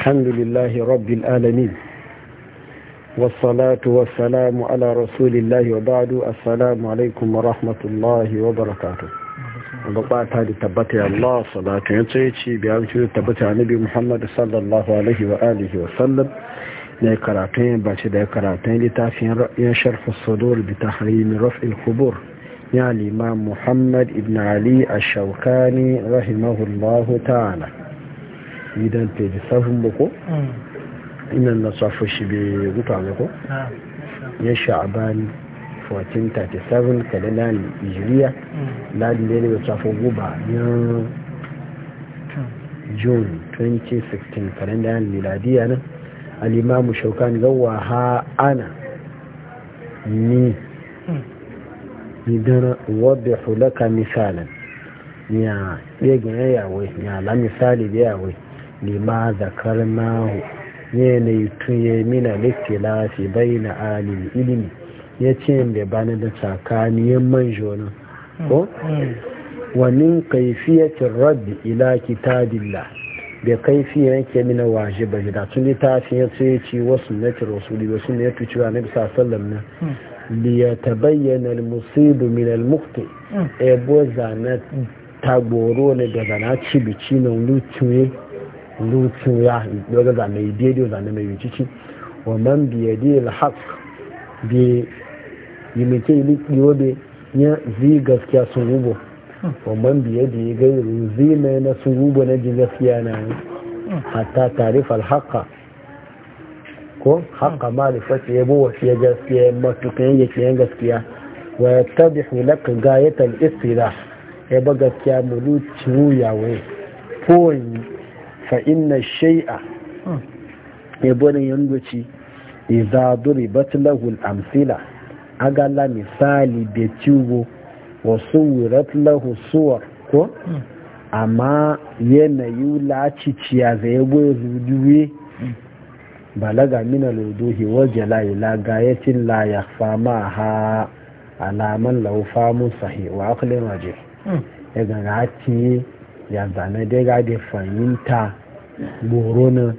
الحمد لله رب العالمين والصلاة والسلام على رسول الله وبعد السلام عليكم ورحمة الله وبركاته وبعد هذه تبتي الله صلاة ينتهي بأمشي تبتي عن نبي محمد صلى الله عليه وآله وسلم ne karatun bace da karatun littafin ya sharfa sudur bi tahrimi raf'il qubur ya al-imam Muhammad ibn Ali ash-Shawkani rahimahullahu ta'ala idan ta ji safin bako hmm. inan na safin shi bai mutane bako ah, ya sha'aban 1437 kada na nigeria ladin da ya nemi safin guba ya hmm. june 2016 kalendar miladiya nan alimamu shaukan gawa ha ana ni hmm. idan wadda hulaka misalin ya ɗaya ya yawai ya la misali da yawai lima zakarnahu yanayi tuye mina listilafi bai na alil ilimi ya ce da bani da tsakaniyan man na. ko wani kaifiyacin rabbi ila kitabillah da kaifiyar yake mina waje ba da tun littafin ya ce ci wasu na ci rasuli ba sun ya tuci cewa na bisa sallam na bayyana musibu min almuqti ebo zana tagoro ne da zana cibici na lucin lucin ya daga zane daidai zane mai ciki wa man biya da haq bi yi mace likiyo da ya zi gaskiya sun rubo wa man biya da ya gai ruzi mai na sun rubo na ji gaskiya na yi hatta tarif haka ko haka ma da fasa yabo wasu ya gaskiya matukan yake yan gaskiya wa ya tabi hulaka gayatar istira ya ba gaskiya mulu ciwo yawon kowanne fa inna shay'a ya bane yandoci idza duribat lahu al-amsila aga la misali da ciwo wa suwirat lahu ko amma yanayi laciciya zai yabo rujuwe balaga min al-wuduhi wa jala'i la gayatin la yakhfa ma ha alaman lahu famu sahih wa aqlin wajih hmm. ya ga ya zane dai ga fahimta goro na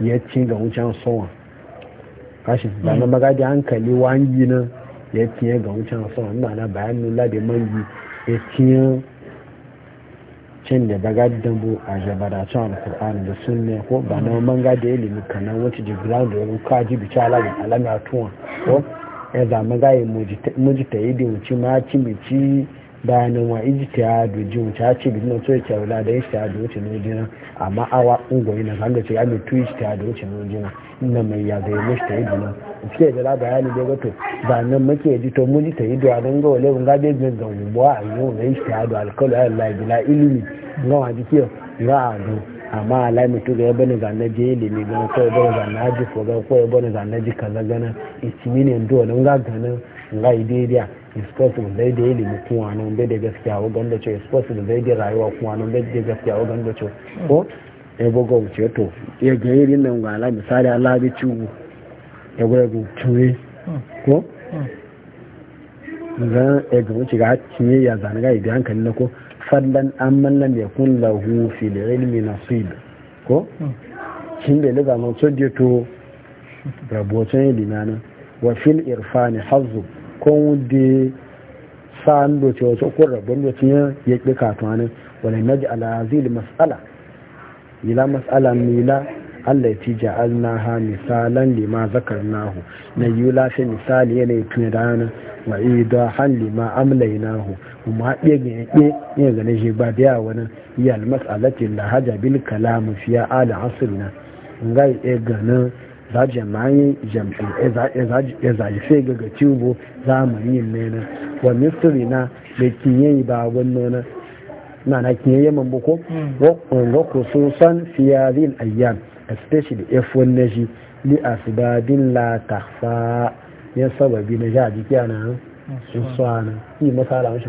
ya ci ga wucin sowa kashi da na magadi hankali wangi na ya ci ga wucin sowa na na bayan labe mangi ya ci cin da daga dambu a jabaracin alkur'an da sunne ko ba na manga da ilimin kanan wata jibran da yawon kaji bica alamin alamiya tuwa ko ya zama gaye mujita yi da wuce ma ci bici bayanin wa ijtihadu ji wuce a ce bi na so yake da ijtihadu wuce ne jina amma awa ungoyi na kan da ce ami tu ijtihadu wuce na jina inda mai ya zai ta da la bayani da gato zanen make ji to mun ta idwa dan ga wale mun ga be gan a na alkalu bila ilmi na wa ji ke ra'adu amma alami to ga je ga ko ji ko is possible zai da ilimi kuma nan bai da gaskiya wa ganda cewa is possible zai da rayuwa kuma nan bai da gaskiya wa ganda cewa ko ya buga wuce to ya ga irin nan gala misali Allah bi ciwo ya gwada gutuwe ko hmm. zan ya ga wuce ga cinye ya zana ga idan kan na ko fadlan amman ya kun lahu fi ilmi nasib ko kin hmm. da liga mun so to rabocin ilimi nan wa fil irfani hazzu kon de do ce wasu kun rabon doce ya ƙi katuwanin wani naji alazil mas'ala ila mas'ala mila Allah ti na ha misalan lima zakar na yi lafi misali yanayi tuni da hana wa da han lima mu kuma haɗe ga yaƙe yin gane shi ba da yawa nan yi almas'alatin da bil kalamu fiya ala yi ɗaya ga ganin za jama'in ya zaji fe ga gaciwo yi nena wa misiri na da kinyayi ba wannan na na kinyayi man ko wa hmm. kususan fiyarin ayyan especially if na shi li asibabin la tafa ya sababi na ja jiki nan sun nan yi masala mashi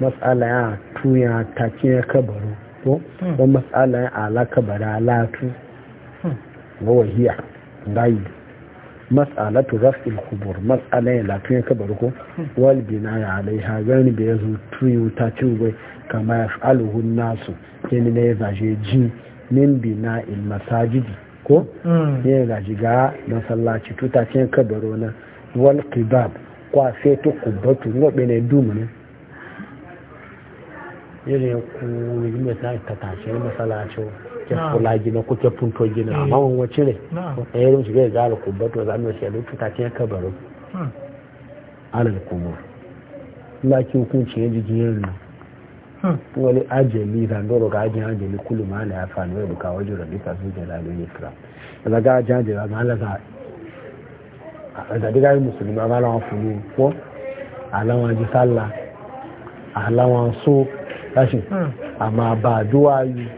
masala ya tuya ta ya kabaru ko hmm. matsala ya ala kabara latu hmm. wa wahiya gai mas'alatu raf'il kubur mas'ala ya lafiya kabar ko wal binaya alaiha gani da yazo tuyu ta tuwe kama yaf'aluhu an-nasu kene ne ya zaje ji min il masajidi ko hmm. ya zaje ga masallaci tuta ka kabaro na wal qibab kwa fe to kubatu ngobe ne dumu ne yele ku ni mesa ta ta masallaci kefula jina ko kepunto jina eh. amma wani wacce ne wata yarin shiga ya gara kubbato za mu shi lutu ta tiyan kabarin alal kubur laki hukunci ya jijiyar nan hmm. wani ajali zandoro ga ajin ajali kullum ma na ya fani wai buka wajen rabi ka su jira ne isra daga ga ajin ajali ma ala za a zaɗi gari musulmi ma ala funu ko alawa ji sallah alawa so rashin hmm. amma ba duwayu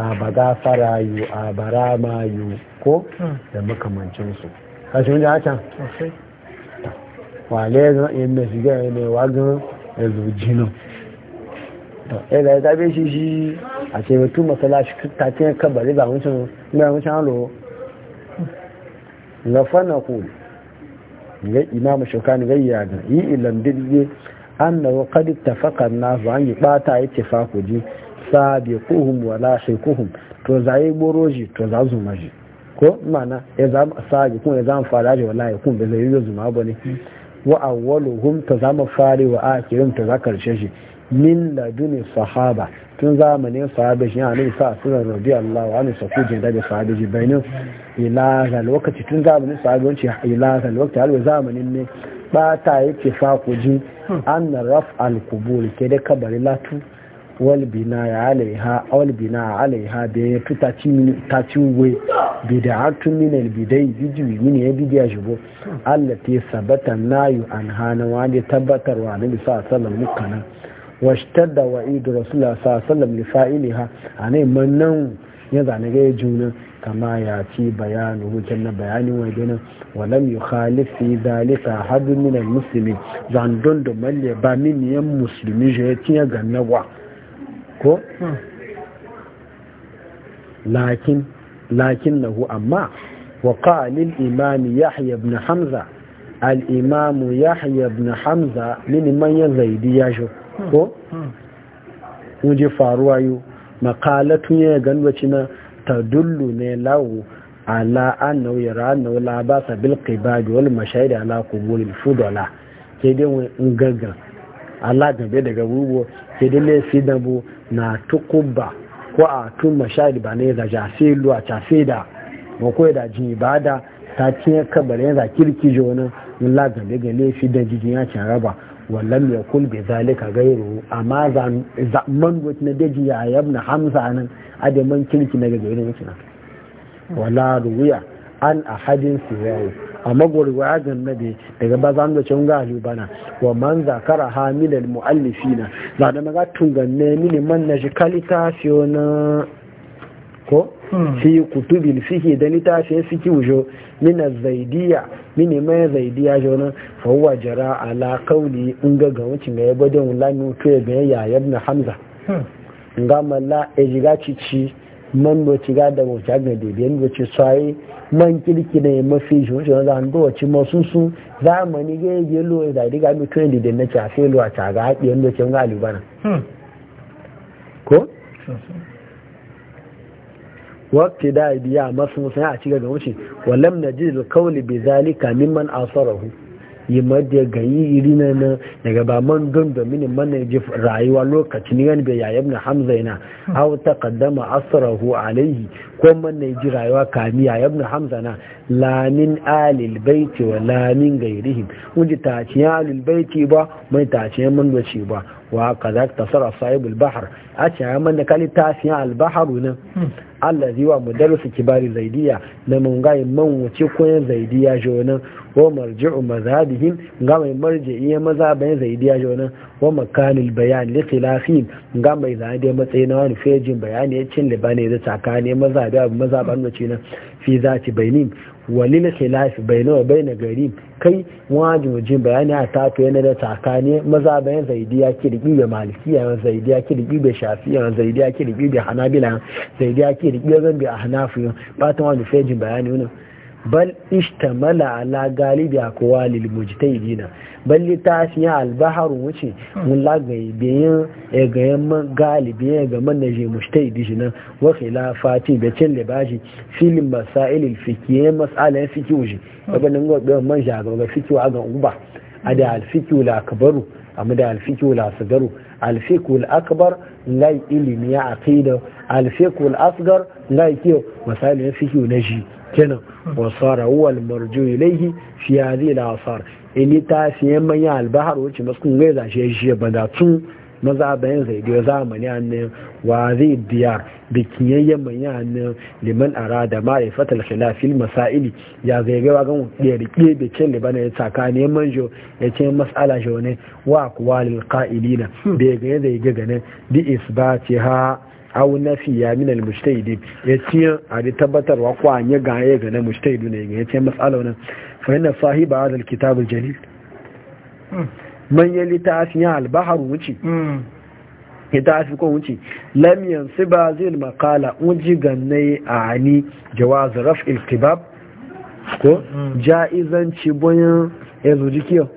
a ba gafara yu a barama yu ko hmm. da makamancinsu kashi wani hakan wale zan iya mai shiga ya mai wagon ya zuji nan ya da ya zabe shi shi a ce mutum masalashi ta ce bari ba wancan ba wancan halo na fana ku ga imamu shokani gayya da yi ilan dirge an na wakadi tafakan nasu an yi bata ya ce fakoji sabiquhum wa lahiquhum to za yi boroji to za zuma maji ko mana ya za sabi kuma ya za mu fara ji wallahi kun bai zai yi zuma ba ne wa awwaluhum to za mu fara wa akhirum to za karshe shi min duni sahaba tun zamanin sahaba shi ne sa sunan radiyallahu anhu sa kuje da da sahaba shi bainin ila ga lokaci tun zamanin sahaba wanci ila ga lokaci har zamanin ne ba ta yake fa kujin an raf al kubul ke da kabari latu walbina alaiha walbina alaiha da ya fi tacin we bida'atun minal bidai bijiwi mini ya bidiya shigo Allah ta sabata nayu an hana wani tabbatarwa na bisa sallam mukanan washtar da wa'idu rasulullah sa sallam li fa'iliha a ne mannan ya zane ga juna kama ya ci bayanu hujjan na bayanin wajenan walam yi khalifi dalika hadu minal musulmi zandon da malle ba min yan musulmi shi ya tiya gannawa ko hmm. lakin lakin nahu amma wa qalil imam yahya ibn hamza al imam yahya ibn hamza min man ya zaidi ya sho hmm. ko hmm. muje faruwa yo maqalatu ya ganwaci na tadullu ne lawo ala annahu yara annahu la basa bil qibad wal mashahid ala qubul fudala ke dai ngangan Allah gabe daga bubuwa sai dai laifi da bu na tukubba ko a tun mashari ba ne da jafe luwa cafe da mako da jini ba da ta cinye kabar yanzu kirki jonin in la gabe laifi da jijin ya can raba wallan ya kul bi zalika gairu amma zaman wata na daji ya yabna hamza nan adamin kirki na gagairin wala ruwiya an ahadin siyayi a magwarwa ya gannabe daga ba za mu cin gali bana wa man zakara hamilal muallifina za da maga ne mini man na jikalita fiona ko hmm. fi kutubin fihi da litafi fiki wujo min zaidiya mini mai zaidiya jona fa huwa jara ala kauli in ga ga wucin ga yabo da wulani to ga yayar na hamza hmm. gama la ejiga cici man doci ga da bauta ga daidai yadda ce tsaye man kirki da ya mafi shi wuce wanda an doci masu sun zamani ga yi gelo da diga mi tuwa da na cafe luwa ta ga haɗi yadda ce ga alibana hmm. ko wakti da biya masu musayi a cigaba wuce walam na ji da bi zalika mimman asarahu yi madiya ga yi iri na nan daga ba man gan domin mana ji rayuwa lokacin yan bai na hamza yana hau hmm. ta kaddama asarahu alaihi ko man ji rayuwa kamiya ibn hamza na lamin alil baiti wa lamin gairihim wuji taciyan alil baiti ba mai taciyan man ba wa kaza tasara sahibul bahar a ce ya man kali tafiyan albaharu nan hmm. allazi wa mudarrisu kibari zaidiya na mun ga man wuce koyan zaidiya jonan wa marji'u mazhabihim ga mai marji'i mazhabain zaidiya jonan wa makanil bayan li khilafin ga mai zaidiya matsayin wani fejin bayani ya cin libane da tsakanin mazhabi madhab mazhaban da ce na fi zati bainin walil khilaf bainahu wa bain gari kai wajin jin bayani a ta to yana da tsakani mazhaban zaidiya kirki da malikiya zaidiya kirki da ya zaidiya riƙi da hanabila zaidiya riƙi da zambi a ahnafi ba ta wani fejin bayani wani bal istamala ala galibi a kowa lilmujtahidina bal littafin albahar wuce mun lagaye bayan eh, ya ga yamman galibi ya eh, ga man naje mujtahidi shi wa khilafati da cin libaji filin masail fikiye eh, masalan fiki wuce daga nan ga man jagaba fiki wa ga uba ada alfiki la kabaru amma da alfiku al-asgaru alfikul akbar la ilimi ya aqida alfikul asgar la kiyo masalin ya na ji kenan wa sara huwa al-marju ilayhi fi hadhihi al-asar ili ta manyan albahar wacce masu kun gaza shi shi bada tun mazabayin zaidiyo zamani annin wa zai biya da kiyayyen mai yanin liman ara da ma'aifat alkhilafil masaili ya zai ga wagan rike da cin libana ya tsakanin manjo ya ce mas'ala shi wa aqwalil qa'ilina da hmm. ga zai ga ganin bi isbatiha aw nafiya min al-mujtahid ya ce a da tabbatarwa ko an ya ga ga na mujtahidu ne ya ce mas'ala wannan fa inna sahiba al-kitab al-jalil hmm. manyan littafin albahar wuce hmm. littafi ko wuce lamiyan su ba zai makala wuji ganne a hani jawaz raf iltibab ko hmm. ja'izanci bayan ya zuji kiyo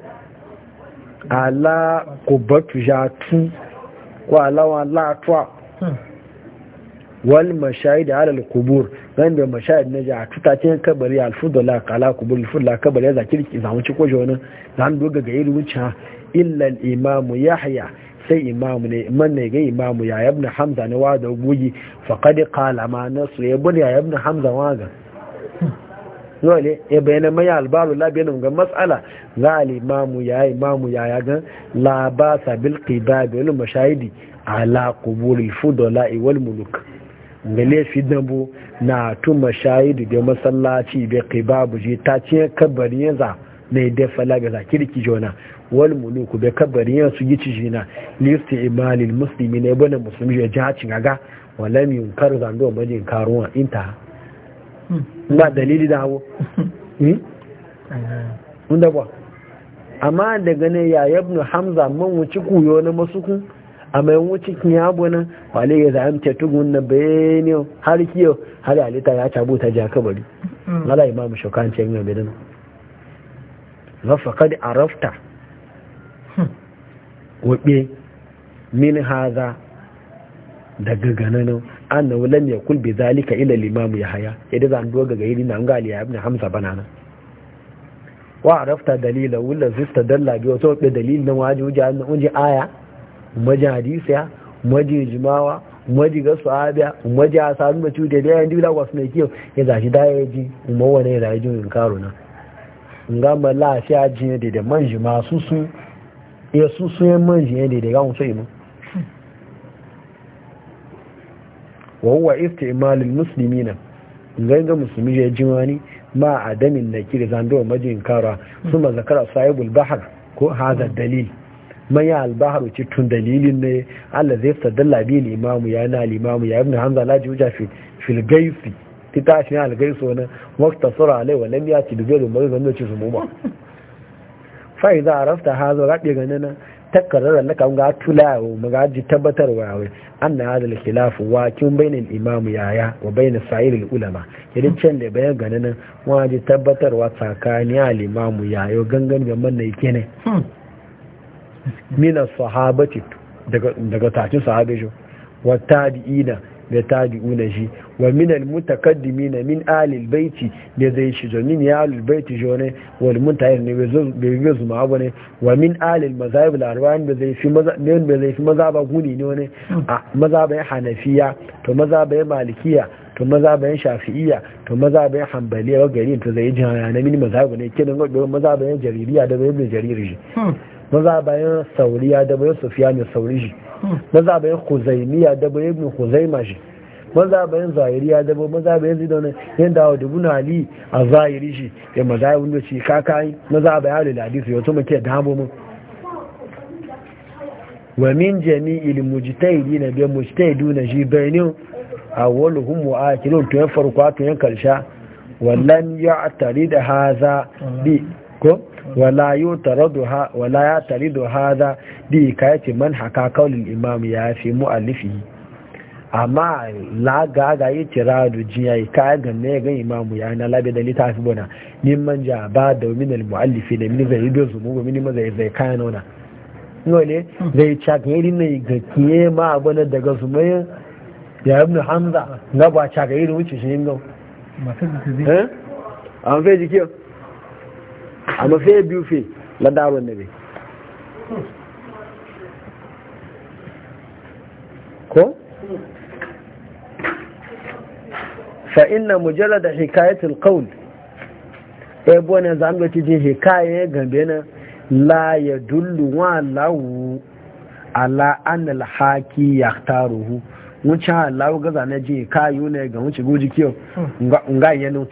ala kubatu jatu ko alawa latuwa hmm. wal mashayi da al kubur dan da mashayi na ja tuta cikin kabari alfudu la kala kubur alfudu la kabari ya zakirki zamu ci ko jona zan doga ga iri wuce illa al-imam yahya sai imamu ne man ne ga imamu ya ibn hamza ne wa da gugi faqad qala ma nasu ya bani ya ibn hamza wa ga dole ya bayyana mai albaru la bayyana ga mas'ala za al imamu ya imamu ya ya ga la ba sa bil qibab wal mashahidi ala qubur al fudala wal muluk ngale fi dambu na tu mashahidi da masallaci be qibab ji ta ce kabari yanzu ne da falaga za kirki jona wal muluku be kabari ya su gici jina lifti imalil muslimi na bane musulmi ya jaha cin aga walam yunkar zando bajin karuwa inta hmm. ba dalili da hawo hmm? mun da ba amma daga ne ya yabnu hamza man wuce kuyo na masuku a mai wuci kiyabo nan wale ya zamta tugun na bayani har kiyo har alita ya cabo ta ja kabari hmm. Allah imamu shokan ce yin yau bidan. Zafa kad arafta waɓe min haza daga ganano an na wulan ya kulbe zalika ila limamu ya haya za zan doga ga yiri na an gali ya abin hamza banana wa arafta dalila wula zista dalla biyo to be dalilin na waje wuje an unji aya maji hadisiya maji jimawa maji ga sahabiya maji asabi cuta da yan dibila wasu ne kiyo ya zashi da ya ji umma wani ya zaji in karo na ngamba la shi ajin da da manji masu su ya su suyen man ne da ya wuce imu wa musulmi na zai ga musulmi ya wani ma a adamin na kiri wa majin kara suma zakara sahibul bahar ko haza dalil ya albaharu wuce tun dalilin ne Allah zai sadalla biyu limamu ya na limamu ya ibn hanzar laji wuja fi ta tashi al gaiso na wakta sura alai wa lam ci bi da mai zanen ci su mu ba fa za a hadha rabi ganana takarrar na kan ga tulawo maga ji tabbatarwa wai an na hadal khilaf wa kin bainal imamu yaya wa bain sa'ir ulama yadda can da bayan ganin wa ji tabbatarwa tsakani al imamu yayo gangan ga yake ne kene hmm. min sahabati daga tashin sahabe wata wa tabi'ina da tabi'una shi wa min al-mutaqaddimin min alil al-baiti da zai shi zamin ya ahli al-baiti jone wal muntahir ne bai bai zuma abu ne wa min alil al-mazahib al-arba'in da zai fi mazhabin da zai fi mazhaba guni ne wani a mazhabin hanafiya to mazhabin malikiya to mazhabin shafi'iyya to mazhabin hanbaliya wa gari to zai jana na min mazhab ne kidan ga mazhabin jaririya da bai bai jariri shi hmm. sauriya da bai sufiya ne sauri shi mazabayin huzaimiya da bai ibn huzaima shi mazabayin zahiriya da bai mazabayin zidane yadda wa dubu na ali a zahiri shi ya mazabayin da shi kakai mazabayin halil hadisi wato muke damo mun wa min jami'il biyan bi mujtahiduna shi bayanin awwaluhum wa akhirun to ya farko to ya karsha wallan tare da haza bi ko wala ya taridu hada ka kayati man haka kaunin imam ya fi mu'allifi amma lagaga ga yi tiradu jiya yi kayan ganna ya gan imam ya na labe da fi bona ni man ja ba da min al muallifi da min zai do zumu min ma zai zai kayan ona ngole zai chak yi ne ga kiye ma abana daga zumu ya ibn hamza na ba chak yi ne wuce shi yin an a mafi biyu fi ladarun nabi ko? fa'inna mujalla da hikayatul kawul ebe ne za mafi jin hikaye gambe na la ya dullu wa lawu ala anil haki ya taruhu wuce lawu gaza na jin kayu ne ga wuce guji kiyo nga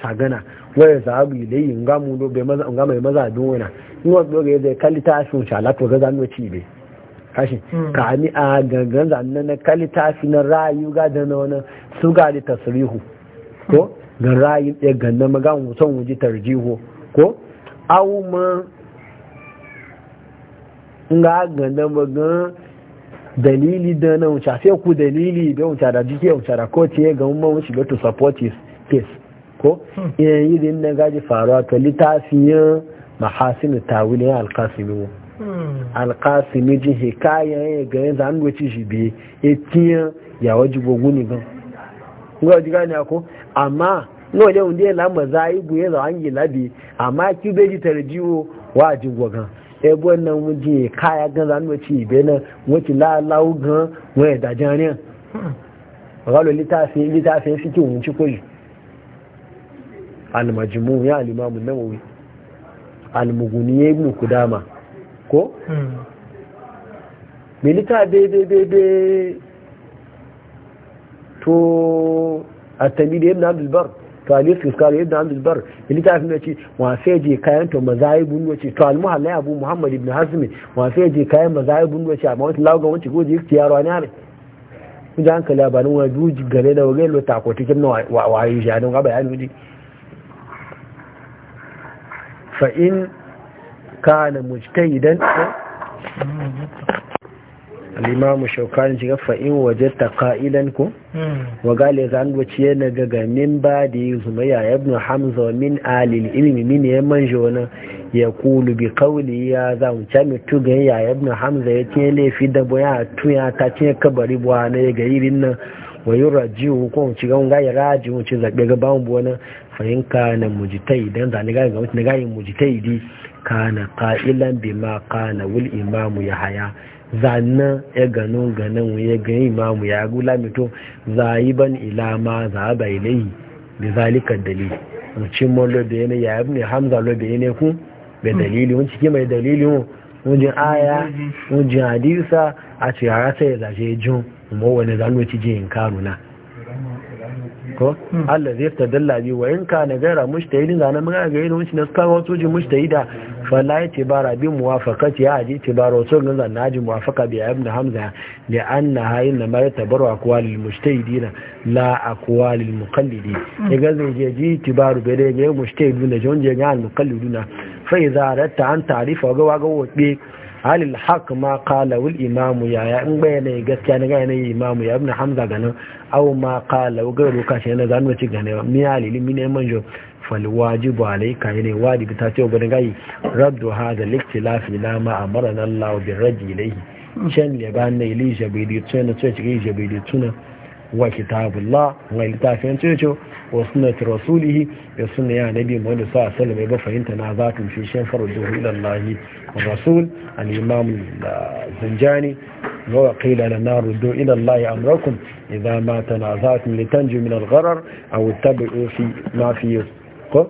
tagana Wai waya zahabu ilayi nga mu do be gama yi maza bin wana in wasu doga zai kalita su shala to ga zanu ci be kashi hmm. ka ni a gangan zanna na kalita su na rayu ga da na wani su ga da tasrihu ko ga hmm. rayu ya ganna maga mu son wuji tarjiho ko awu ma nga ganna maga dalili da na wuce sai ku dalili da wuce da jike wuce da ko ce ga mu wuce ga to support his case ko yayin yi da yin gaji faruwa to littafin mahasin tawilin alkasimin hmm. alkasimi ji hikaya ya gani yanzu an wuce shi biye ya tiya ya waji gogu ne gan ga waji gani ako amma no ne wanda ya lamba za yi buye za an yi labi amma ki bai ji tarjiwo wa ji gogan ya e bu wannan wuji kaya gan zan wuce ibe na, wuce lalawu gan wani dajan ne ga lo litafin litafin fikin wuce koyi almajimu ya alimamu nawawi almuguni ya ibn kudama ko? milita bebebebe to a tamidi ibn abdulbar to aliyar fiskar ibn abdulbar milita fi mace wafe je kayan to mazayibun wace to almuhalla ya abu muhammad ibn hasmi wafe je kayan mazayibun wace amma wata lauga wace goji yake yaro ne ne kujan kalabarin wajen gare da wajen lotakwa cikin wayo shi a don gaba ya nuji fa'in kana mujtahidan al'imamu shaukani shiga fa'in waje ta ka'idan ku wa gale za a ce gaga min ba da yi Zuma ya ibn hamza wa min alil ilimi min ya manje wani ya kulu bi kauli ya za mu ce mutu ga ya ibn hamza ya ce laifi da boya tuya ta ce kabari buwa na ya ga nan wa yi rajiyu ko mu ci ga ya rajiyu mu ci zaɓe ga bawon buwa fahim kana mujitai dan zane gayin gwamnati na gayin mujitai di kana qailan bima kana wul imamu ya haya zanna ya gano ganin ya ga imamu ya gula mito zaiban ila ma bai ilayhi bi zalika dalil mucin mun lo yana ya ibn hamza lo yana ku be hmm. dalili mun cike mai dalili mu mun aya mun hadisa a ce ya rasa ya zaje jun mu wani ci jin karuna ko hmm. Allah zai ta dalla bi wa in ka na gaira mushtahidin zana mun ga gaira mun ne suka wato ji mushtahida fa la yati bara bi muwafaqati ya ji ti bara wato ga na naji muwafaqa bi ibn hamza li anna hayin na mai tabaru aqwal al mushtahidina la aqwal al muqallidin hmm. ga zai je ji ti baru be da ga mushtahiduna jonje ga al muqalliduna fa idza ratta an ta'rifa ga wa ga wobe halil haq ma qala wal imam ya ya in bayanai gaskiya ne ga yanayi imam ya ibn hamza ganin aw ma qala wa garu ka shi na zanu ci gane ba miya lilimi ne manjo fal wajibu alayka ne wajibi ta ce gudan gai raddu hada liktilaf ila ma amarana Allah bi raji ilayhi shan ne ba ne ili jabidi tsena tsaye ci jabidi tuna wa kitabullah wa litafin tsaye wa sunnati rasulih ya sunna ya nabi muhammad sallallahu alaihi wasallam ba fahimta na zatun fi shan faru ila Allah الرسول الإمام الزنجاني وقيل لنا ردوا إلى الله أمركم إذا ما تنازعتم لتنجوا من الغرر أو اتبعوا في ما فيه أو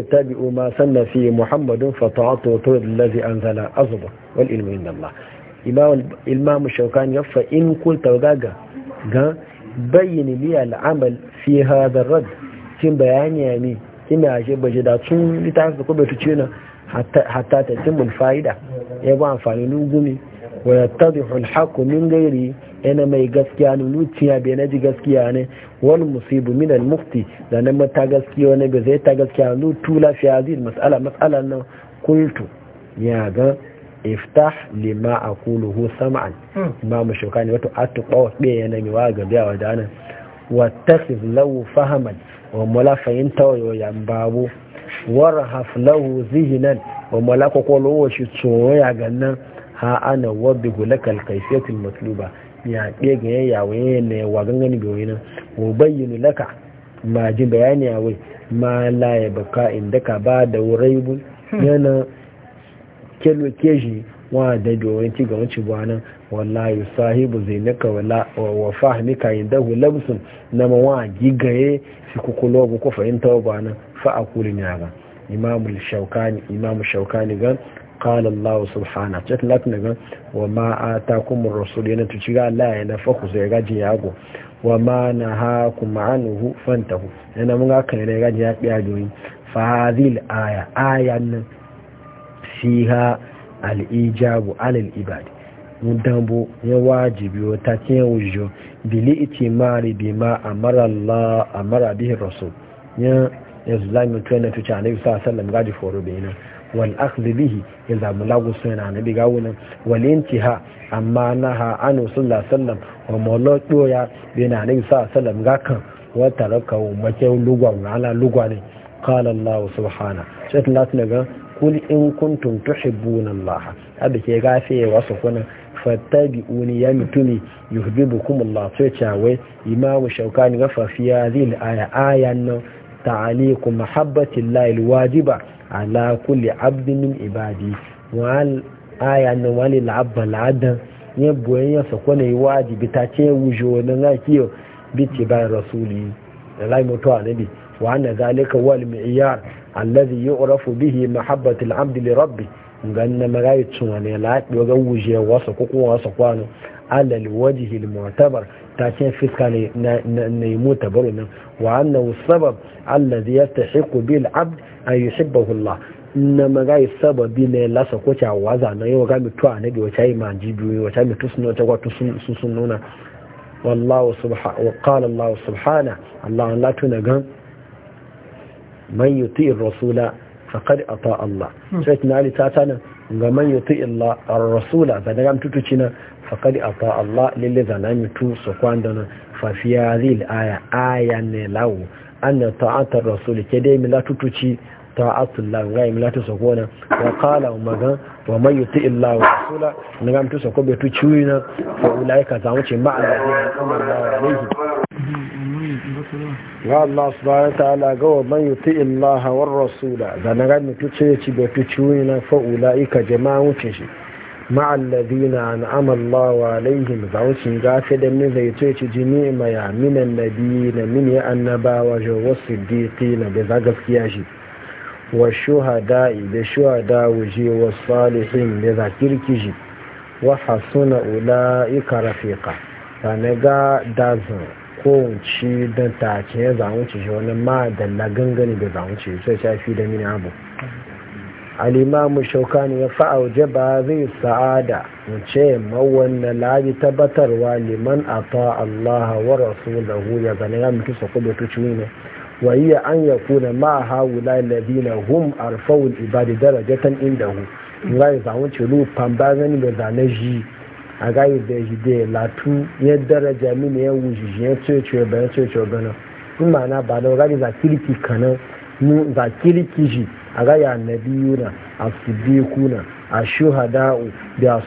اتبعوا ما سن فيه محمد فطاعته وطرد الذي أنزل أصبر والإلم عند الله إمام الشوكان يفى إن قلت وقاقا بين لي العمل في هذا الرد كم بياني يعني كم يعجب جدا تون لتعرف كبه تشينا hatta ta mun fa'ida ya ba amfani gumi wa yattadihu alhaqqu min ghairi ina mai gaskiya ne nuciya bai naji gaskiya ne wal musibu min al mufti da nan mata gaskiya ne bai zai ta gaskiya nu tula fi hadhihi mas'ala mas'ala nan kultu ya ga iftah lima aquluhu sam'an hmm. imam shukani wato atqaw be yana mi wa ga da wa dana law fahaman wa mula fahimta yan babu warhaf zihinan wa malaka kwalowa shi tsoron ya ha ana wadda hulakal kaifiyatul matluba ya ɗaya ga yayya wa na yawa gangan bai wani wa bayyana laka ma ji bayani a wai ma la baka inda ka ba da wurai bu hmm. yana kelo keji wa da doyin ci ga wancin buwanan walayu sahibu zainabka wa fahimtar kan yi da hulun suna nama wani ajiyaga si kunkunwan ku fahimtar na ku fa'a kulunyana imam shawakanu ga kalalau sulhahana chakalaka ga wama a ta kuma rasu da ina tun shi ga alayyana na fahimtar yaga jiyagun wa mana ha ku ma'anun ku fanta ku yana munga kayan da yaga jiyaga biyar yoyin ko fadil aya ayan siya alijibu alal ibada. dambo ya wajibi wata ce wujo bili iti mari bi ma a Allah amara rasu rasul ya islam mai ne na tuce anabi sa sallam gaji foro bai nan wal akhdhi bihi ya mulagu sunna suna anabi gawo nan wal intiha amma naha anu sallallahu wasallam wa mawla doya bi na anabi sallallahu sallam ga kan wa taraka mace lugwa ala lugwa ne qala allah subhana sai tun lati daga kul in kuntum tuhibbuna allah abike gafe wasu kuna fattabi'uni ya mutumi yuhibbukumullah sai cawe imamu shaukani ga fafiya zil aya ayan nan ta'aliku mahabbatillahi alwajiba ala kulli abdin min ibadi wal aya nan wali al'abba al'adan ne boyen ya sako ne wajibi ta ce wujo nan ga kiyo bayan rasuli da lai mutuwa nabi wa anna zalika wal mi'yar alladhi yu'rafu bihi mahabbatul abdi li rabbih ganna magayi tsuwa ne laɗi ga wuje wasa kuku wasa kwano alal wajihi mu'tabar ta ce fiska ne na yi mutabaru nan wa annahu sabab allazi yastahiqu bil abd yi yuhibbahu Allah na magayi sababi ne lasa ko ta waza na yau ga mutu annabi wata yi manji biyu wata mutu sun wata kwatu sun nuna wallahu subhanahu wa qala Allah subhanahu Allah la tunagan man yuti rasula faqad ata Allah sai na ali ta tana ga man yutu illa ar-rasula da daga mutuci na faqad ata Allah lille zanami tu so kwanda na fa fi hadhihi aya aya ne lawo an ta'ata ar-rasul ke dai mila tutuci ta'atu Allah ga mila tu so kona wa qala umaga wa man yutu illa ar-rasula daga tu so ko be tu na fa ulaika zamu ce ma'ana da Allah alaihi ga Allah subhanahu wa ta'ala ga wa man yuti illaha war rasula da na ga mutu ce ci da tuciwi na fa ulaika jama'u ce shi ma na an'ama Allahu alaihim da wucin ga da min zai ce ci jini ma ya min annabiyina min ya annabawa jo na da za gaskiya shi wa shuhada'i da shuhada wuje wa salihin da za kirkiji wa hasuna ulaika rafiqa da ga kowace don take ya zamuci shi wani ma da na gangani da zamuci sai shafi da mini abu alimamu shaukani ya fa'auje ba zai sa'ada ce na labi tabbatarwa liman ta Allah wa rasulahu ya zane ya mutu sa kudu tuci ne wa an ya kuna ma haula ladina hum arfaul ibadi darajatan indahu ngai zamuci lu pambazani da zane ji. a gaghị dejide latu ihe daraja mini ya wujiji ya tsoye tsoye bayan tsoye tsoye bana in ma'ana ba da gaghị za kirki kanan nu a gaghị annabiyuna a na a ha da a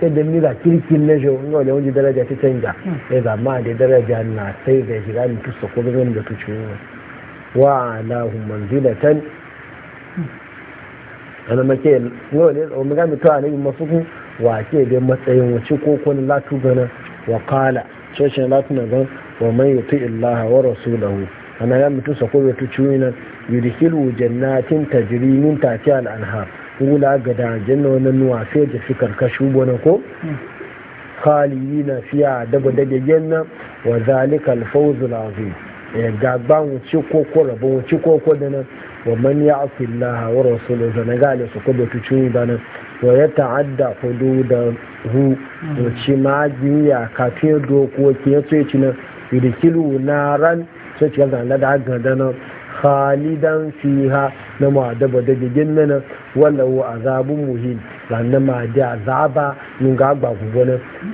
a na daraja ta hmm. daraja na sai da wa wani make yau ne tsawon gami to a nabi masu ku wa ke matsayin wace ko kone latu gana wa kala latu na gan wa man yuti illaha wa rasulahu ana ya mutu sa ko yutu ciwinan yudhilu jannatin tajri min tahtiha al-anhar wula ga da janna wani nuwa sai da su karkashi wani ko hmm. na fiya daba dage janna wa zalika al azim gagba wuce koko rabu wuce koko da nan wa man ya afi laha wa rasulu zane gale su kuma tuci da nan wa ya ta'adda hudu da hu wuce ma jiya ka fiye dokoki ya tsoye ci nan kilu na ran sai ci gaza na da agada nan khalidan fiha na ma da ba daga wanda wallahu azabun muhim sannan ma da azaba mun ga ba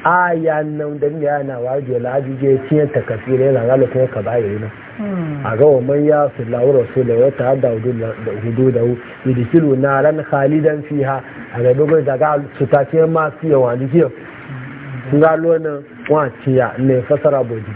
aya nan da yana waje laji je tiyan ta kafire na ga lokacin ka bayi nan hmm. a ga wannan ya su lawo rasulullah wa ta da hudu da naran khalidan fiha a ga dogon daga su ta tiyan ma su yawa dikiyo sun ga lona wa tiya ne fasara bodi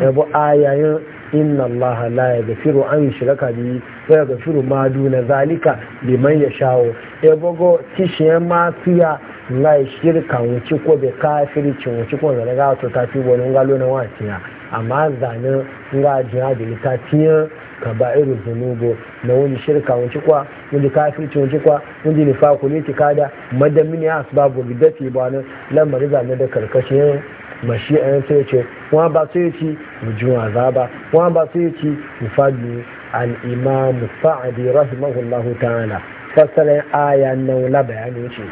yabo hmm. ayayin inna Allah la yaghfiru an yushraka bihi wa yaghfiru ma duna zalika liman yasha'u e bogo kishiyan ma fiya la shirka wuci ko be kafirci wuci ko da ga to ta fi wani galo na waciya amma zanin ga jiya da litatiyan kaba'iru zunubo na wani shirka wani kwa wani kafirci wani kwa wani nifaku ne tikada madamin ya asbabu bidati ba nan lamarin zane da karkashin mashi eh, a yanzu ya ce wọn ba sai ci mu ji waza ba wọn ba sai ci mu fadi al'imamu sa'adi rahimahullahu ta'ala fassalin aya na wula bayani ce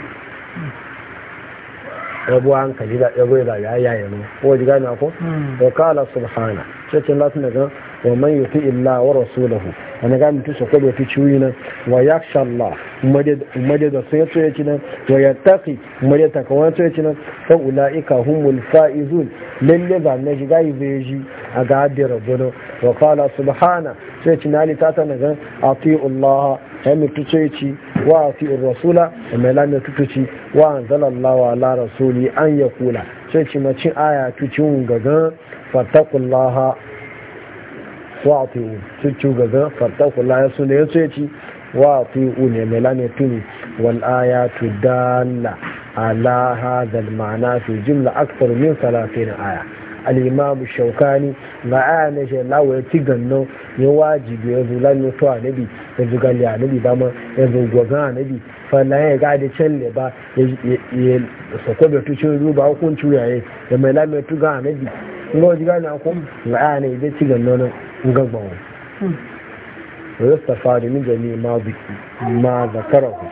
rabu hankali da ɗago da ya yayi mu ko ji gane ko hmm. wa kala subhana ce ce latin daga wa man yuti illa wa rasulahu ana ga mutu so kodo fi ciwi wa yakhsha Allah umade da sai to yake nan wa yattaqi umade ta kawo to yake nan fa ulaika humul faizun lalle ba ne shiga ibeji a ga da rabbuno wa qala subhana sai ci nali ta ta nan ati Allah ya mutu sai ci wa ati rasula amma la mutu ci wa anzala Allah ala rasuli an yakula sai ci macin aya tucin gaga fattakullaha wa ta cuga zan gagan kula ya suna ya ce ci wa ta yi ne mai lami tuni wal'aya tu dala ala hadal ma'ana fi jimla aksar min salafin aya al'imamu shaukani ga aya na shi lawa ya ci ganno ya wajibi ya zula lami to anabi ya zuga gali anabi ba ma ya zuga gwagan anabi fana ya ga da ba ya sako bai tucin ruba hukunci yaye ya mai lami tu anabi kuma wajen gane ko ra'a mm. ne zai ci ganno na gaggawa wa mm. yastafa da min jami ma biki ma zakarahu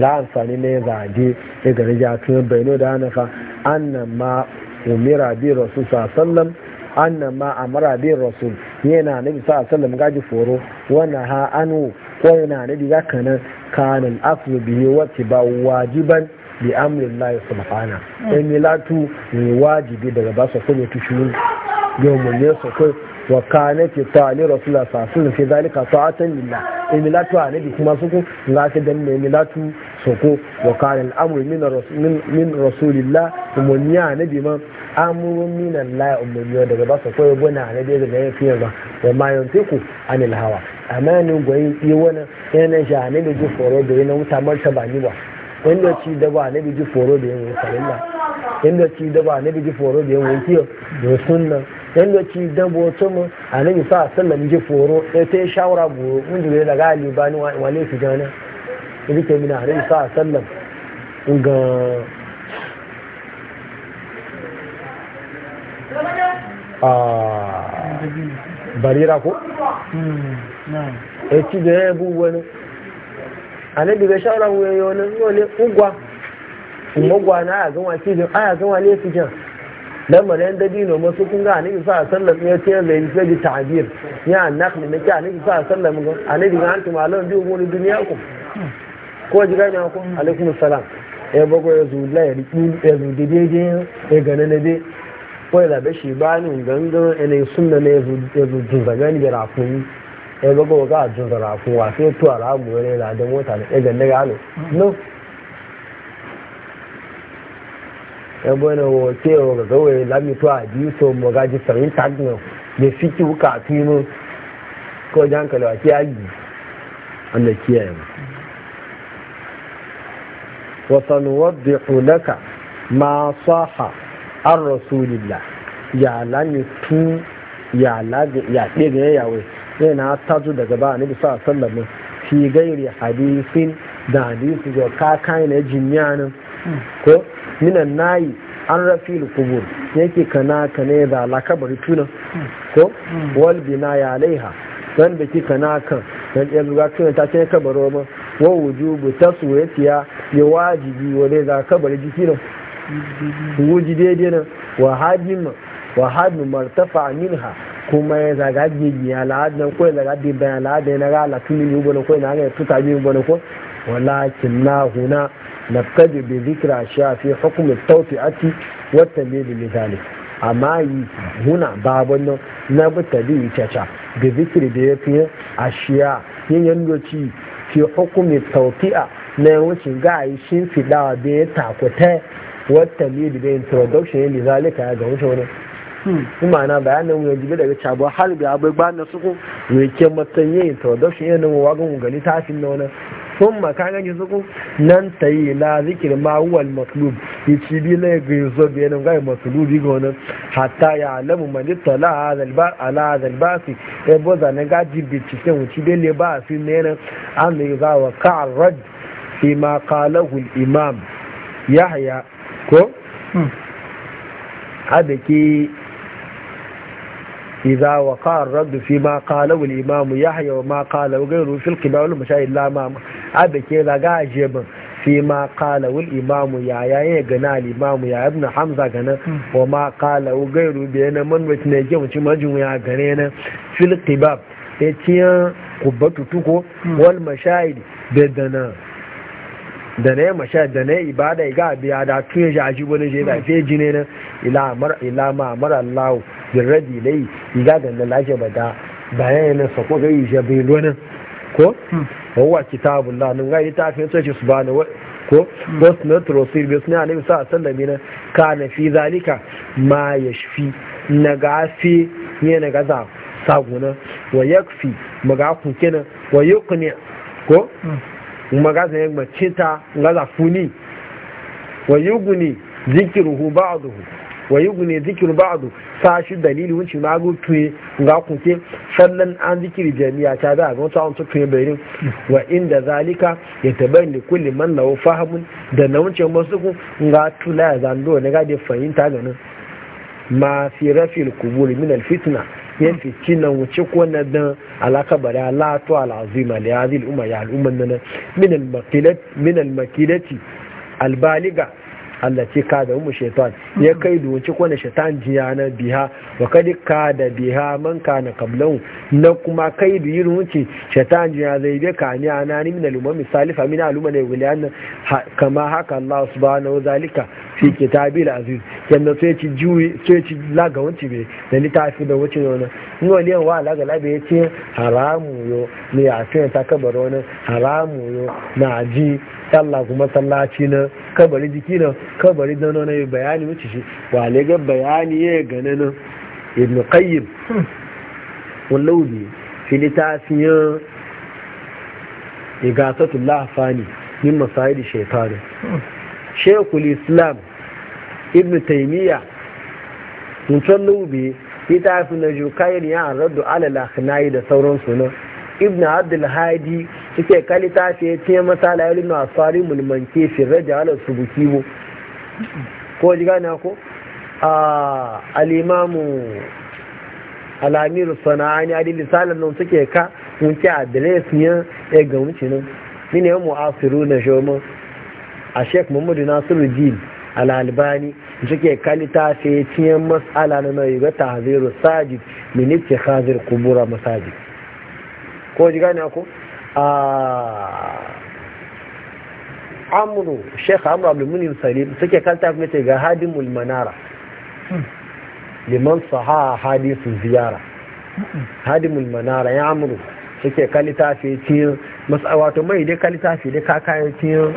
la amfani ne zade ya gari ja tun bayano da hanafa annan ma umira bi rasul sallam annan ma amara bi rasul yana nabi sallam gaji foro wannan ha anu ko yana nabi ga kanan kanan aslu bihi wa tiba wajiban bi amrin la subhana ɗan milatu ne wajibi daga ba su kuma tushu yau mun ne su kai wa ke fi tali rasulullah sallallahu alaihi zalika ta'atan lillah ɗan milatu anabi kuma su ko za ta dan ne milatu su ko wa ka na amru min rasul min rasulillah a ya anabi man minan min allah ummiyo daga ba su kai gona anabi daga yafi ba wa ma yantiku anil hawa amanu goyi yi wani yana jani da ji foro da yana wuta martaba ni ba yadda ci da ba na biji foro da yawon salilla yadda ci da ba na biji foro da yawon kiyo da sunna yadda ci da ba wato mu a na bisa sallam ji foro ya ta yi shawara goro mun jure daga alibani wale su gana ita ke mina a na bisa sallam ga barira ko? Hmm, ya ci da ya bubu wani Ana bai shawara wuyan yayo nan ne ugwa ugwa na a ganwa kijin a ya ganwa ne su jan dan ma su kun ga annabi sa sallam ya ce zai sai ta'bir ya annak ne nake annabi sa sallam ga annabi ga antum alon bi umuri duniya ku ko ji gani ku alaikum salam ya bago ya zulla ya riki ya zu daidai ya na dai ko ya shi ba ni gangan ne sunna ne ya zu zagani da rafuni ya ga gowa ga jin zarafu wa sai to aramu wani na da mota da ɗaya ganna gano no ya ne wa ce wa ga gawa ya lami to a biyu so mu ga ji sarin tagin ya fi ki wuka tunu ko jan kalawa ki ayi Allah kiyaye mu wa sanwaddihu laka ma saha ar rasulillah ya lami tu ya lami ya ɗaya ga yawai sai na tazo daga ba annabi sallar sallam fi gairi hadisin da hadisi ga kakai na jinyan ko minan nayi an rafi kubur yake kana kane da lakabar tuna ko wal bina ya laiha dan da kika na kan dan ya zuwa kan ta ce kabaro ba wa wujubu taswiyatiya ya wajibi wa dai za kabari jiki ne wuji wa hadim wa hadu martafa minha kuma ya zaga gigi al'adun ko ya zaga dibban al'adun na ga alatuni ne ubono ko na ga tuta ne ubono ko walakin na huna na kaji bi zikira sha fi hukumin tauti ati wata ne da misali amma yi huna babon nan na buta bi yi caca bi zikiri da ya fi a shiya yin yandoci fi hukumin tauti'a na yawancin ga a yi shin fidawa da ya takwata wata ne da introduction ya lizalika ya ga wuce wani kuma na bayanin ya jibi daga cabo har da abai ba na suku mai ke matan yin introduction yin nan wagon gani ta fi nuna sun makanan yi suku nan ta yi la zikir ma wal yi ci bi na ya gari zo biya nan gai matlubi ga wani hatta ya alamu manita la ala ya e boza na gaji bi cikin wuci bele ba a fi nena an da yi za wa ka'ar rad fi ma kalahul imam yahya ko? Hmm. Adake إذا وقع الرد فيما قاله الإمام يحيى وما قاله غيره في القبال والمشاهد لا ماما أبكي لغا جيبا فيما قاله الإمام يحيى يا الإمام يا ابن حمزة غنى وما قاله غيره بأن من وثنجي وتمجم يا غنينا في القباب يتيا قبة تكو والمشاهد بدنا da na yi da na yi ibada ga biya da tun ya ji ajibu na je da fiye jine na ila mara Allah jirrabi lai iga hmm. ga na lashe ba da bayan yana sako ga yi jabe lonin ko hmm. wa kitabun la nun ga yi ta fi shi su bani ko wasu na turosir bai suna ne bisa a sallami na ka na fi zalika ma ya shi na gafi ne na gaza saguna wa ya fi maga kunkina wa ku ne, ko maga hmm. zai macinta gaza funi wa yi guni zikiruhu ba'aduhu wa yi gune zikir ba'adu sashi dalili wunci ma go tuye ga kunke sallan an zikiri jami'a ta a ga wata wancan tuye bayanin wa inda zalika ya taɓa da kulle man lawo fahimun da na wunce masu ku ga tula ya zando na gade fahimta ganin ma fi rafi kuburi min alfitna yan fici nan wuce ko na dan alaka bari to alazima li hadhihi al-umma ya al-umma min al-makilati min makilati al-baliga Allah ce ka da mu shaitan ya kai doci kwanne shaitan jiya na biha wa kadi ka da biha man ka na kablon na kuma kai da irin wuce shaitan jiya zai bai ka ni a ni min alumma misali famina min alumma wuli wuliyan kama haka Allah ba wa zalika fi kitabil aziz yanda sai ci juyi sai ci laga wuce be da ni ta fi da wuce ne ni wani yawa laga labe ce haramu yo ne a cikin takabar wani haramu yo na ji yalla kuma sallaci na kabari jiki na kabari dano na bayani mace shi wale ga bayani ya gane nan ibn qayyim hmm. wallahu fi filitafiyan igasatul lafani, min masaidi shaytan hmm. shaykhul islam ibn taymiya mutan lubi litafin na jukayin ya raddu ala lahnai da sauransu na ibn abdul hadi suke kalita ya ce masa ya na a tsari mulmanke shi raja ala su buki bu ko ji gane ko a alimamu alamiru sana'ani adi lisalin nan suke ka wuce adres ni ya eh, ga wuce nan ni ne mu asiru na shoma a sheik muhammadu nasiru jil al'albani suke kalita ce ce masala na mai ga tahziru sajid min hazir kubura masajid ko ji gane ko Ah. amuru sheikh amuru abdulmunim salim suke kanta kuma ce ga hadimul manara hmm. liman saha hadisu ziyara hmm. hadimul manara ya amuru suke kalita fi cin masu wato mai dai kalita fi dai kakayen cin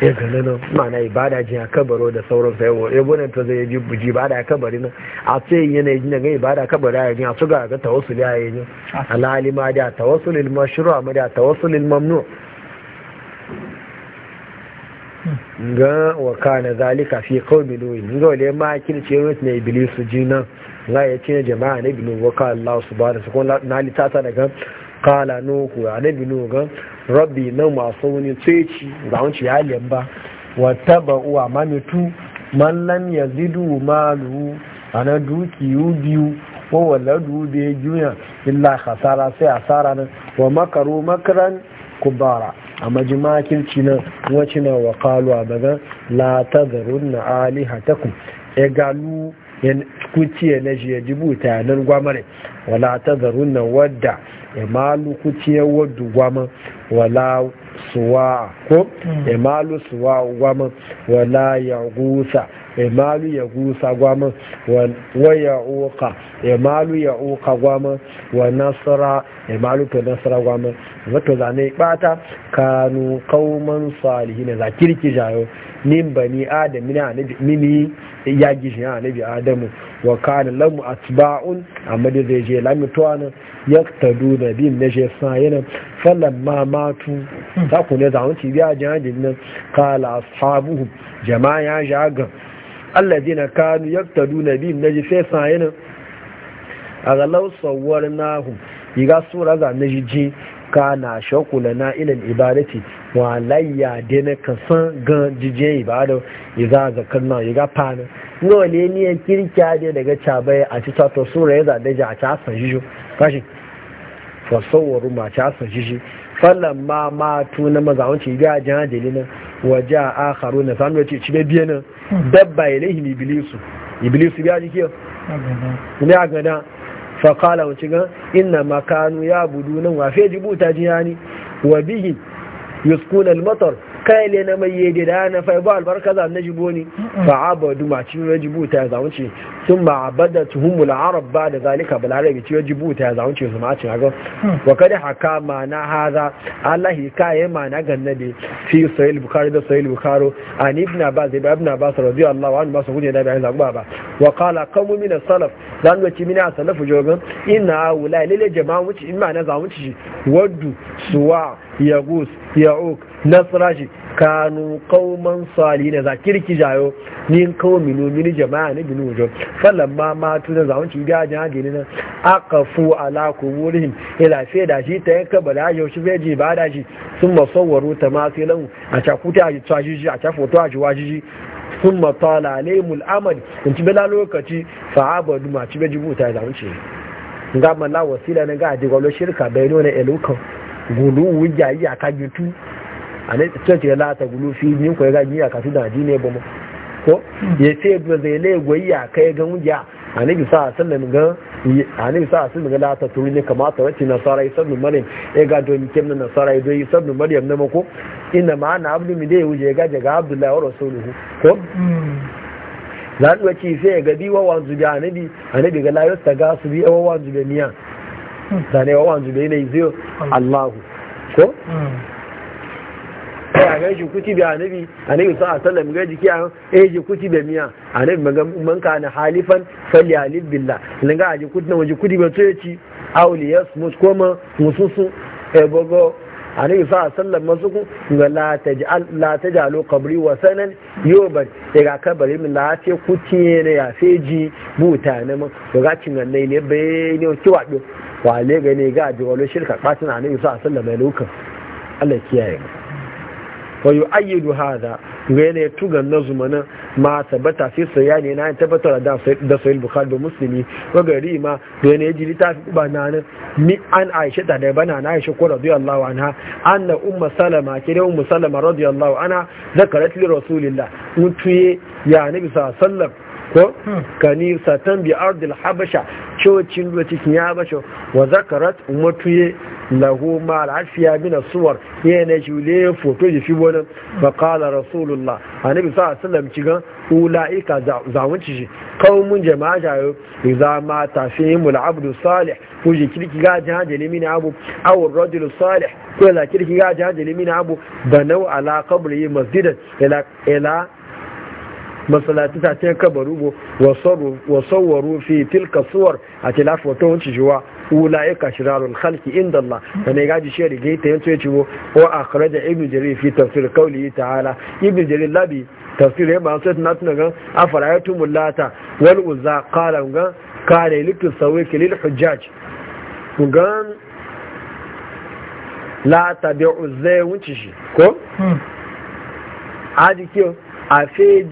ya gane nan mana ibada ji a kabaro da sauran sai wa ebonin ta zai yi buji ibada a kabari nan a ce yanayi jina daga ibada a kabari a yin a su ga ga tawassuli a yin alhali ma da tawassulil mashru ma da tawassulil mamnu ga wa kana zalika fi qaumi nuh ga wale ma kirce rut ne iblisu jinan la ya ce jama'a ne bin wa ka Allah subhanahu wa ta'ala na litata daga kala nuhu bi nuhu gan rabbi na masu wani tseci ga wanci halin ba wata ba uwa mamitu Mallan, lam yazidu malu ana dukiyu biyu ko waladu biyu juya illa khasara sai asara nan wa makaru makaran kubara a majimakin nan wacina wa kalu a daga la tazarunna alihatakum egalu kuciye na shi ya ji buta yanar gwamare wala ta zarun wadda ya malu ya wadda gwama wala suwa ko mm. ya malu suwa gwama wala ya gusa ya malu ya gusa gwama wa ya uka ya malu ya uka gwama wa nasara ya malu ta nasara gwama zato zane bata kanu kauman salihin za kirki jayo nin bani na mini ya gishi ya nabi adamu wa kana lamu atba'un amma da zai je lamu tuwanin ya tadu da bin na je yana fallan ma matu ta ku ne zaun ci biya jihadin nan kala ashabuhu jama'a ya jagan allazina kanu yaktadu na bin na je sai a galau sawwar nahu iga sura za na ji kana shakula na ilal ibadati wa layya dena kasan Gan, jijiyan ibada ya za zakar na ya ga fana ga wale ni ya kirkiya ne daga cabai a ci sato sura ya zaɗe ji a ci asan jijo kashi fasowar ma ci asan jijo fallan ma ma tuna mazawanci ga jan jalina waje a akharu na sanu ce ci biya nan hmm. dabba ibilisu ibilisu ya biya jikiyar ne a gada faƙala wace gan ina makanu ya budu nan wafe jibuta jiyani wa bihi yuskunan matar kai ne na mai yede da na fai ba albarka za na jibo ne fa abadu ma ci na jibo ta za wuce sun ma abada tuhumul arab ba da zalika bal arabi ci jibo ta za wuce su ma ci ga mm. wa kada haka ma na haza allah yi ma na de fi sahih bukhari da sahih bukhari an ibn abbas da ibn abbas radiyallahu anhu masu huje da bayan zagba ba wa qala qawmu min as-salaf dan wace min as-salafu jogan inna wala lil jama'a wuce in ma na za wuce waddu suwa yagus ya'uk nasara shi kanu kauman sali na za kirki ni kawo minu mini jama'a ne binu wajen fallan ma matu na zaun ci biya jin hajji aka fu ala kuburihim ila fe da shi ta yanka ba da yau shi fe ji ba da shi sun masawwaro ta ma sai lan a cakuta a ji tsashi shi a cafoto a ji washi shi sun matala alaihimul amali in ci bela lokaci fa'abadu ma ci beji buta zaun ci ga mala wasila na ga adigwalo shirka bai nuna elukan gulu wujayi a kagitu a nan cikin ce la gulu fi yin ko ga giya ka su da ji ne ba mu ko ya ce ba zai lai goyya kai ga wuya annabi sa sallam ga annabi sa sallam ga da ta turi ne kamata wace nasara yi sabnu maryam ya ga don kim na nasara yi don yi sabnu maryam na mako ina ma ana abdu mi dai wuje ga ga abdullahi wa rasuluhu ko zan wace sai ga bi wa wanzu ga annabi annabi ga la ta ga su bi wa wanzu da niya zane wa wanzu da ne zai Allahu ko hmm. a ga shi kuti da annabi annabi sa sallam ga jiki a eh ji kuti da miya annabi man kana halifan salli alif billah nan ga kuti na waje kuti ba to yaci awliyas mus koma mususu e bogo annabi sa sallam masu ku ga la taj'al la taj'alu qabri wa sanan yuban daga kabari min la ce kuti ne ya feji mutane mun ga cin nan ne bai ne ki wado wale ga ne ga ji walo shirka ba tana annabi sa sallam mai lokan Allah kiyaye wayo ayyidu hada ga yana tuga na zumanin ma tabbata sai sayani ne na tabbatar da sahih bukhari da muslimi wa gari ma da yana ji litafi ba na nan mi an aisha da da bana na aisha ko radiyallahu anha anna umma salama ke da umma salama radiyallahu anha zakarat li rasulillah mutuye ya nabi sallallahu ko hmm. kani satan bi ardil habasha cocin lokacin ya basho wa zakarat umatuye lahu ma al'afiya min suwar yana jule foto ji fi wani fa qala rasulullah annabi sa sallam ci gan ulaika zamunci shi kaumun jama'a jayo idza ma tafihim al'abdu salih ko ji kirki ga jaje ne min abu aw ar-rajul salih ko la kirki ga jaje ne min abu banau ala qabri masjidan ila ila masalati ta ce baru bo wa sawwaru fi tilka suwar a ce lafi wata wanci jiwa ulaika shirarul halki inda Allah da ne gaji shi rige ta yanzu ya ce bo wa da ibnu jarir fi tafsir qawlihi ta'ala ibnu jarir labi tafsir ya ba sai na tuna ga afarayatumul lata wal uzza qala ga kana litu sawiki lil hujjaj ga lata bi uzza wuci shi ko hmm. aji kiyo a fe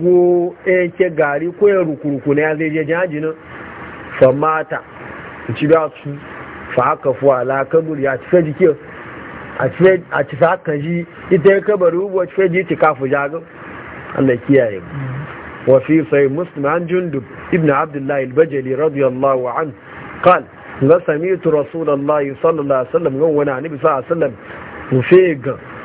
go yanke gari ko yin rukuruku na zai je jihaji nan famata ci ba su fa haka fu ala kabur ya ci fe jiki a ci fa haka ji ita ya kabar rubu ci fe jiki kafu jagan Allah kiyaye wa fi sai muslim an jundub ibn abdullah al-bajali radiyallahu an qal ga sami'tu rasulullahi sallallahu alaihi wasallam ga wani annabi sallallahu alaihi wasallam mu fe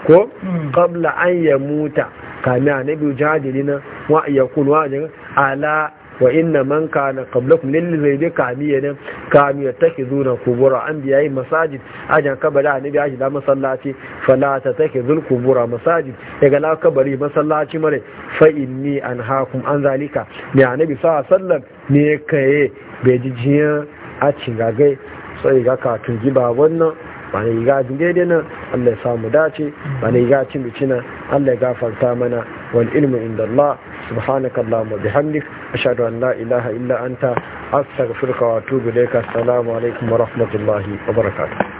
ko hmm. qabla an yamuta kana annabi jadilina wa yakun wajin ala wa inna man kana qablakum lil zaydi kamiyan kanu yattakhizuna qubura anbiya'i masajid ajan kabari anabi aji da masallaci fala tattakhizul qubura masajid daga la kabari masallaci mare fa inni anhaakum an zalika ne annabi sallallahu alaihi ne kai bai jijiya cin gagai sai ga katun giba wannan Wani yi ga daidai nan Allah ya samu dace wani yi ga cin Allah ya gafarta mana wal ilmu inda Allah mu bi hamdik ashadu an la ilaha illa anta astaghfiruka wa atubu ilayka assalamu alaikum wa rahmatullahi wa barakatuh